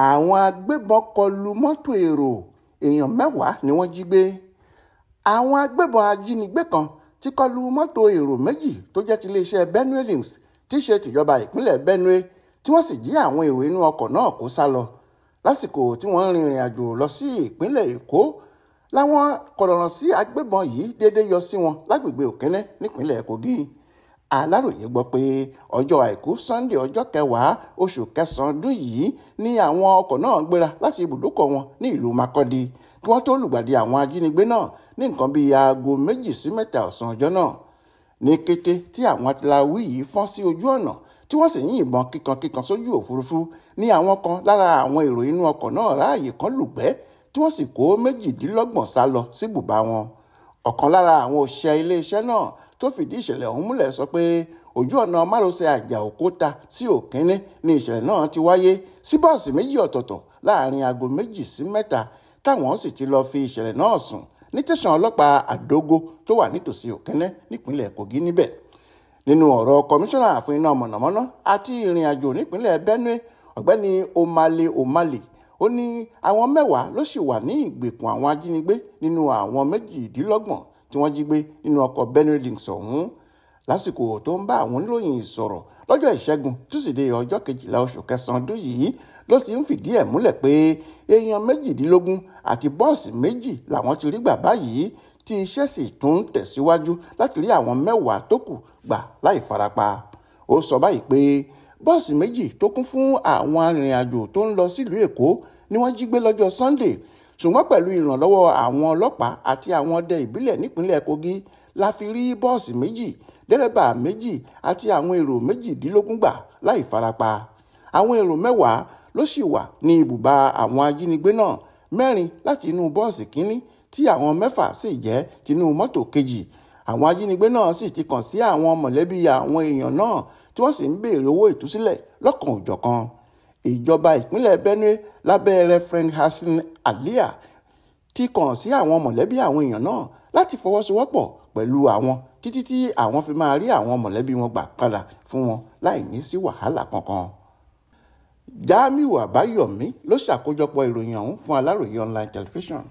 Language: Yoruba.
àwọn agbébọn kọlu mọ́tò èrò èèyàn mẹ́wàá ni wọ́n jí gbé àwọn agbébọn ajínigbé kan ti kọlu mọ́tò èrò méjì tó jẹ́ ti iléeṣẹ́ Benue Links tí í ṣe tìjọba ìpínlẹ̀ Benue tí wọ́n sì jí àwọn èrò inú ọkọ̀ náà kó sá lọ lásìkò tí wọ́n ń rìnrìn àjò lọ sí ìpínlẹ̀ Èkó láwọn kọ̀rọ̀ràn sí agbébọn yìí déédéé yọ sí wọn lágbègbè Òkínné nípínlẹ̀ Kogi aláròye gbọ́ pé ọjọ́ àìkú sunday ọjọ́ kẹwàá oṣù kẹsàn-án ọdún yìí ni àwọn ọkọ̀ náà gbéra láti ibùdókọ̀ wọn ní ìlú makọ́dí kí wọ́n tó lùgbàdì àwọn ajínigbé náà ní nǹkan bíi aago méjì sí mẹ́ta ọ̀sán ọjọ́ náà ní kété tí àwọn atiláwí yìí fọ́n sí ojú ọ̀nà tí wọ́n sì ń yìnbọn kíkankíkan sójú òfurufú ní àwọn kan lára àwọn èrò inú ọkọ̀ náà ráàyè kan lùgbẹ́ tí wọ́n sì kó méjìdínlọ́gbọ̀n sá lọ sí wọn ọ̀kan lára àwọn òṣìṣẹ́ iléeṣẹ́ náà tó fìdí ìṣẹ̀lẹ̀ ọ̀hún múlẹ̀ sọ pé ojú ọ̀nà márosẹ̀ àjà òkúta sí òkínní ni ìṣẹ̀lẹ̀ náà ti wáyé sí bọ́ọ̀sì méjì ọ̀tọ̀ọ̀tọ̀ láàrin aago méjì sí mẹ́ta táwọn sì ti lọ fi ìṣẹ̀lẹ̀ náà sùn ní tẹ̀sán ọlọ́pàá àdógó tó wà nítòsí òkínní nípínlẹ̀ kogi níbẹ̀ nínú ọ̀rọ̀ kọmíṣánná fún iná mọ̀nàmọ́ná àti ìrìn àjò nípínlẹ̀ benue ọ̀gbẹ́ni omale omale ó ní àwọn mẹ́wàá ló sì wà ní ìgbèkùn àwọn ajínigbé nínú àwọn méjìdínlọ́gbọ̀n tí wọ́n jí gbé nínú ọkọ̀ Benelux ọ̀hún lásìkò tó ń bá àwọn oníròyìn sọ̀rọ̀ lọ́jọ́ ìṣẹ́gun túsìdeè ọjọ́ kejìlá oṣù kẹsàn-án ọdún yìí ló ti ń fìdí ẹ̀ múlẹ̀ pé èèyàn méjìdínlógún àti bọ́ọ̀sì méjì làwọn ti rí gbà báyìí tí iṣẹ́ sì tún ń tẹ̀síwájú láti rí àwọn mẹ́wàá tó kù gbà láì farapa ó sọ báyìí pé bọ́ọ̀sì méjì tó kún fún àwọn arìnrìn tó ń lọ sílùú èkó ni wọ́n jí gbé lọ́jọ́ Sunday ṣùgbọ́n pẹ̀lú ìrànlọ́wọ́ àwọn ọlọ́pàá àti àwọn ọdẹ ìbílẹ̀ nípínlẹ̀ Kogi la fi rí bọ́ọ̀sì méjì dẹ́rẹ́bà méjì àti àwọn èrò méjìdínlógún gbà láì farapa àwọn èrò mẹ́wàá ló sì wà ní ibùba àwọn ajínigbé náà mẹ́rin láti inú bọ́ọ̀sì kínní tí àwọn mẹ́fà sì jẹ́ tinú mọ́tò kejì àwọn ajínigbé náà sì ti kàn sí àwọn mọ̀lẹ́bí àwọn èèyàn náà tí wọ́n sì ń béèrè owó ìtúsílẹ̀ lọ́kàn òjọ̀kan ìjọba ìpínlẹ̀ Benue lábẹ́ Reverend Hasan Alia ti kọ̀ràn sí àwọn mọ̀lẹ́bí àwọn èèyàn náà láti fọwọ́sowọ́pọ̀ pẹ̀lú àwọn títí tí àwọn fi máa rí àwọn mọ̀lẹ́bí wọn gbà padà fún wọn láì ní sí wàhálà kankan. Jamiu Àbáyọ̀mí ló ṣàkójọpọ̀ ìròyìn ọ̀hún fún Aláròye online television.